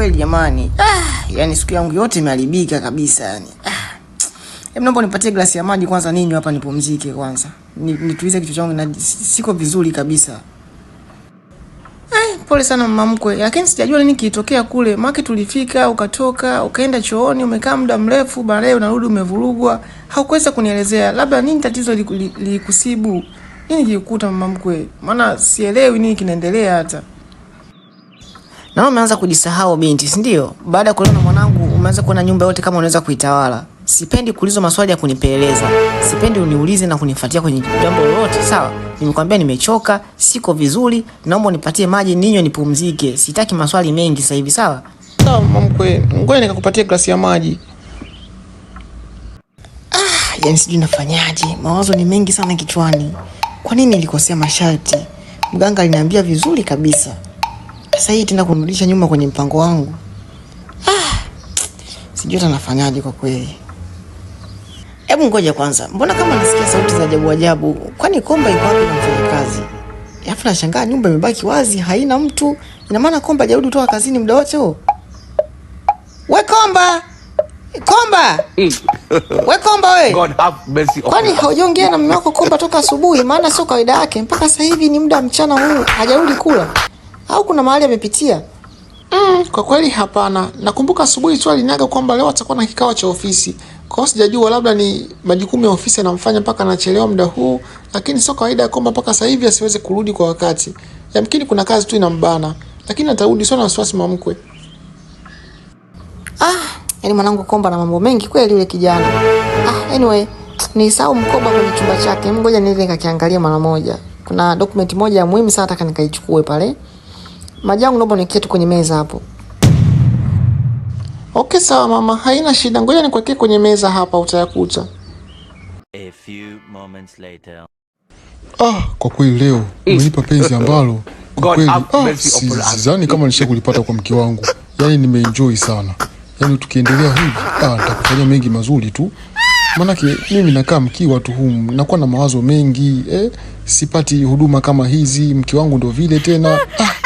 kweli jamani. Ah, yani siku yangu yote imeharibika kabisa yani. Ah. Hebu naomba nipatie glasi ya maji kwanza ninywe hapa nipumzike kwanza. Nitulize kichwa changu na siko vizuri kabisa. Eh, pole sana mama mkwe, lakini sijajua nini kilitokea kule. Maki tulifika, ukatoka, ukaenda chooni, umekaa muda mrefu, baadaye unarudi umevurugwa. Haukuweza kunielezea. Labda nini tatizo lilikusibu? Nini kilikuta mama mkwe? Maana sielewi nini kinaendelea hata. Na umeanza kujisahau binti, si ndio? Baada ya kuona mwanangu, umeanza kuona nyumba yote kama unaweza kuitawala. Sipendi kuulizwa maswali ya kunipeleleza. Sipendi uniulize na kunifuatia kwenye jambo lolote, sawa? Nimekwambia nimechoka, siko vizuri, naomba unipatie maji ninywe nipumzike. Sitaki maswali mengi sasa hivi, sawa? Sawa mama mkwe. ngoja nikakupatie glasi ya maji. Ah, yani sijui nafanyaje. Mawazo ni mengi sana kichwani. Kwa nini nilikosea masharti? Mganga aliniambia vizuri kabisa sasa hii tena kunirudisha nyuma kwenye mpango wangu. Ah, sijui hata kwa kweli. Hebu ngoja kwanza, mbona kama nasikia sauti za ajabu ajabu? Kwani Komba iko wapi na kazi? Alafu nashangaa nyumba imebaki wazi, haina mtu. Ina maana Komba hajarudi kutoka kazini muda wote huo? We Komba! Komba! Hmm. We Komba we! God have mercy on. Kwani haujaongea na mume wako Komba toka asubuhi? Maana sio kawaida yake mpaka sasa hivi ni muda mchana huu hajarudi kula au kuna mahali amepitia? Mm, kwa kweli hapana. Nakumbuka asubuhi tu alinaga kwamba leo atakuwa na kikao cha ofisi. Kwa hiyo sijajua, labda ni majukumu ya ofisi yanamfanya mpaka anachelewa muda huu, lakini sio kawaida ya kwamba mpaka sasa hivi asiweze kurudi kwa wakati. Yamkini kuna kazi tu inambana, lakini atarudi, sio na wasiwasi mamkwe. Ah, yani mwanangu Komba na mambo mengi kweli yule kijana. Ah, anyway, nisahau mkoba kwenye chumba chake. Ngoja niende nikakiangalia mara moja. Kuna document moja ya muhimu sana nataka nikaichukue pale. Maji yangu naomba niwekee tu kwenye meza hapo. Okay, sawa mama, haina shida. Ngoja nikuwekee kwenye meza hapa utayakuta. A few moments later. Ah, kwa kweli leo umenipa penzi ambalo kwa kweli ah, si, sidhani kama nisha kulipata kwa mke wangu. Yaani nimeenjoy sana. Yaani tukiendelea hivi ah, nitakufanyia mengi mazuri tu. Manake mimi nakaa mkiwa tu humu, nakuwa na mawazo mengi eh, sipati huduma kama hizi. Mke wangu ndo vile tena ah.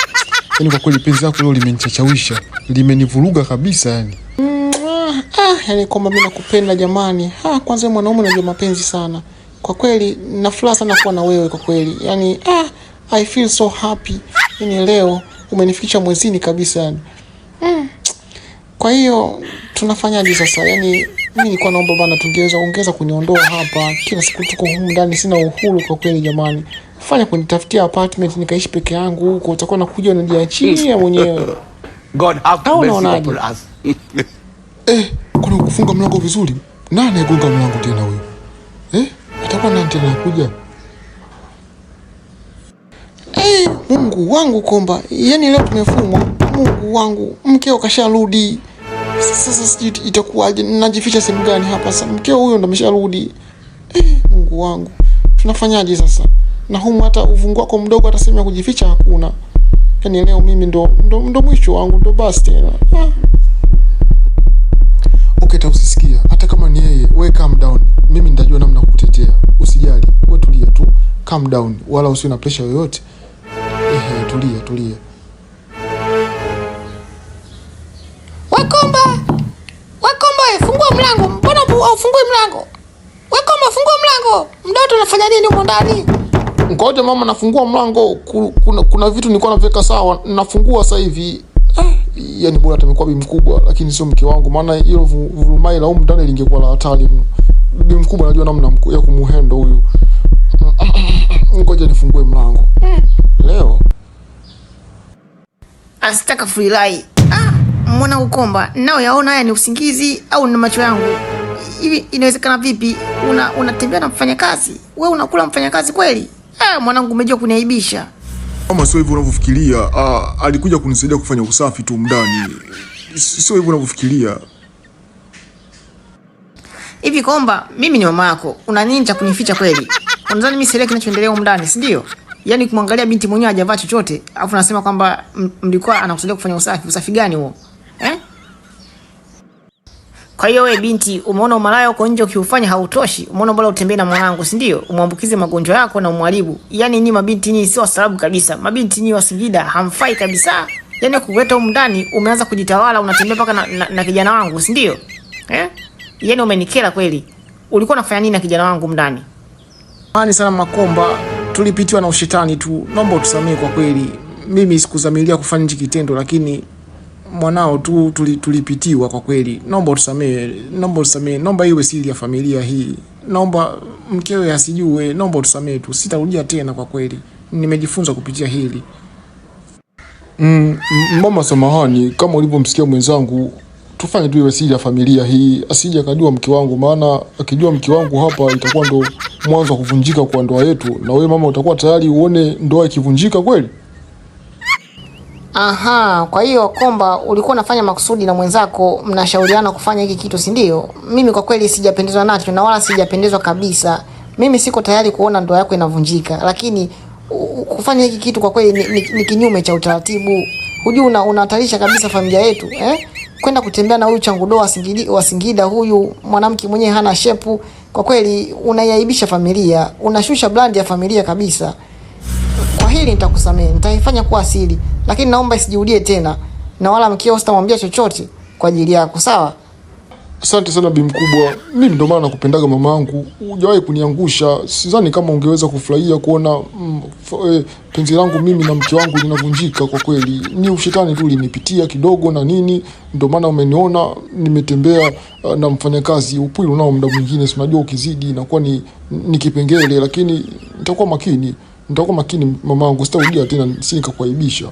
Yaani kwa kweli penzi lako leo limenichachawisha, limenivuruga kabisa yani. Mm, ah, yani kwamba mimi nakupenda jamani. Ah, kwanza mwanaume unajua mapenzi sana. Kwa kweli na furaha sana kuwa na wewe kwa kweli. Yaani ah, I feel so happy. Yaani leo umenifikisha mwezini kabisa yani. Mm. Kwa hiyo tunafanyaje sasa? Yaani mimi nilikuwa naomba bana, tungeweza ongeza kuniondoa hapa. Kila siku tuko humu ndani, sina uhuru kwa kweli jamani. Fanya kunitafutia apartment nikaishi peke yangu huko, utakuwa nakuja unaniachia mwenyewe. God have mercy upon us. Eh, kuna kufunga mlango vizuri. Nani anayegonga mlango tena huyo? Eh, atakuwa nani tena anakuja? Eh, Mungu wangu komba, yaani leo tumefungwa. Mungu wangu, mkeo kasharudi. Sasa sijui itakuwaje, najificha sehemu gani hapa sasa? Mkeo huyo ndo amesharudi. Eh, Mungu wangu, tunafanyaje sasa? Na humu hata uvungu wako mdogo, hata sehemu ya kujificha hakuna. Yaani leo mimi ndo ndo, ndo mwisho wangu, ndo basi tena ah. Okay, tausisikia hata kama ni yeye, we calm down, mimi nitajua namna kukutetea, usijali, we tulia tu, calm down, wala usiwe na pressure yoyote. Ehe, tulia tulia. mlango, weka umefungua mlango. Mdoto, anafanya nini huko ndani? Ngoja mama, nafungua mlango. Kuna, kuna vitu nilikuwa naviweka sawa, nafungua sasa hivi. Eh, yani bora tumekuwa bi mkubwa, lakini sio mke wangu, maana hiyo vurumai la huko ndani lingekuwa la hatari mno. Bibi mkubwa anajua namna ya kumuhendo huyu. Ngoja nifungue mlango mm. leo. Asitaka fulilai. Ah, mwana ukomba nao yaona haya ni usingizi au ni macho yangu? hivi inawezekana vipi? Una Unatembea una na mfanyakazi, wewe, unakula mfanyakazi kweli? Eh, mwanangu, umejua kuniaibisha. Kama sio hivyo unavyofikiria. Ah, alikuja kunisaidia kufanya usafi tu mdani. sio hivyo unavyofikiria. Hivi Komba, mimi ni mama yako, una nini cha kunificha kweli? Unadhani mimi sielewi kinachoendelea huko ndani, si ndio? Yaani kumwangalia binti mwenyewe hajavaa chochote, afu nasema kwamba mlikuwa anakusaidia kufanya usafi. Usafi gani huo? Kwa hiyo wewe binti, umeona umalaya uko nje ukiufanya hautoshi. Umeona bora utembee na mwanangu, si ndio? Umwambukize magonjwa yako na umwalibu. Yaani nyinyi mabinti nyinyi sio wastaarabu kabisa. Mabinti nyinyi wa Singida hamfai kabisa. Yaani kuweta huko ndani umeanza kujitawala unatembea paka na, na, na kijana wangu, si ndio? Eh? Yaani umenikera kweli. Ulikuwa unafanya nini na kijana wangu ndani? Hani sana Makomba, tulipitiwa na ushetani tu. Naomba utusamee kwa kweli. Mimi sikuzamilia kufanya hiki kitendo lakini mwanao tu tulipitiwa, tuli kwa kweli, naomba utusamee, naomba utusamee, naomba iwe siri ya familia hii, naomba mkewe asijue, naomba utusamee tu, sitarudia tena, kwa kweli nimejifunza kupitia hili. Mm, mama samahani, kama ulivyomsikia mwenzangu, tufanye tu iwe siri ya familia hii, asije akajua mke wangu, maana akijua mke wangu hapa itakuwa ndo mwanzo wa kuvunjika kwa ndoa yetu, na wewe mama utakuwa tayari uone ndoa ikivunjika kweli. Aha, kwa hiyo kwamba ulikuwa unafanya makusudi na mwenzako mnashauriana kufanya hiki kitu, si ndio? Mimi kwa kweli sijapendezwa nacho na wala sijapendezwa kabisa. Mimi siko tayari kuona ndoa yako inavunjika, lakini kufanya hiki kitu kwa kweli ni, ni, ni kinyume cha utaratibu. Hujui una unahatarisha kabisa familia yetu eh? Kwenda kutembea na huyu changudoa wa Singida, wa Singida huyu mwanamke mwenyewe hana shepu. Kwa kweli unaiaibisha familia, unashusha brand ya familia kabisa. Kwa hili nitakusamehe, nitaifanya kuwa siri lakini naomba isijirudie tena, na wala mkeo sitamwambia chochote kwa ajili yako, sawa? Asante sana bi mkubwa, mimi ndo maana nakupendaga yangu hujawahi kuniangusha. Sidhani kama ungeweza kufurahia kuona mm, e, penzi langu mimi na mke wangu linavunjika. Kwa kweli ni ushetani tu ulinipitia kidogo na nini, ndo maana umeniona nimetembea ah, na mfanyakazi. Upwili unao muda mwingine, si unajua, ukizidi inakuwa ni, ni kipengele, lakini nitakuwa makini, nitakuwa makini yangu, sitarudia tena, si nikakuaibisha.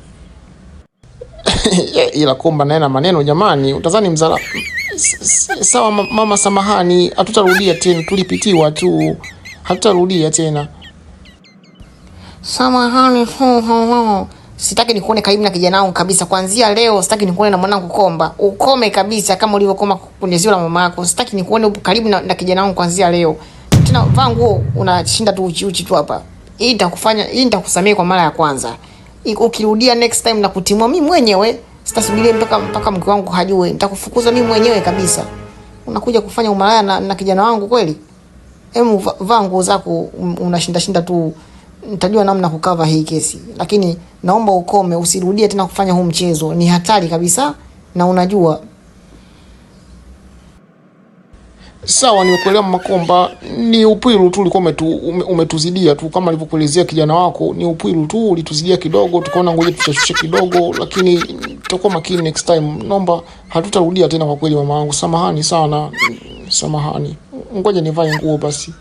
ila kumba naye na maneno jamani, utazani mzala sawa. Mama samahani, hatutarudia tena, tulipitiwa tu, hatutarudia tena. Samahani sitaki nikuone karibu na kijana wangu kabisa. Kuanzia leo sitaki nikuone na mwanangu Komba. Ukome kabisa kama ulivyokoma kwenye ziwa la mama yako. Sitaki nikuone upo karibu na, na kijana wangu kuanzia leo. Tena vaa nguo unashinda tu uchi uchi tu hapa. Hii nitakufanya, hii nitakusamehe kwa mara ya kwanza ukirudia next time na kutimua mimi mwenyewe, sitasubiria mpaka mpaka mke wangu hajue, nitakufukuza mimi mwenyewe kabisa. Unakuja kufanya umalaya na, na kijana wangu kweli? hemu vaa nguo zako, um-, unashinda shinda tu, nitajua namna kukava hii kesi, lakini naomba ukome, usirudie tena kufanya huu mchezo, ni hatari kabisa na unajua Sawa, nimekuelewa Makomba, ni upwilu tu ulikuwa umetu, umetuzidia tu kama alivyokuelezea kijana wako, ni upwilu tu ulituzidia kidogo, tukaona ngoja tushashushe kidogo, lakini tutakuwa makini next time. Naomba hatutarudia tena kwa kweli, mama wangu, samahani sana, samahani. Ngoja nivae nguo basi.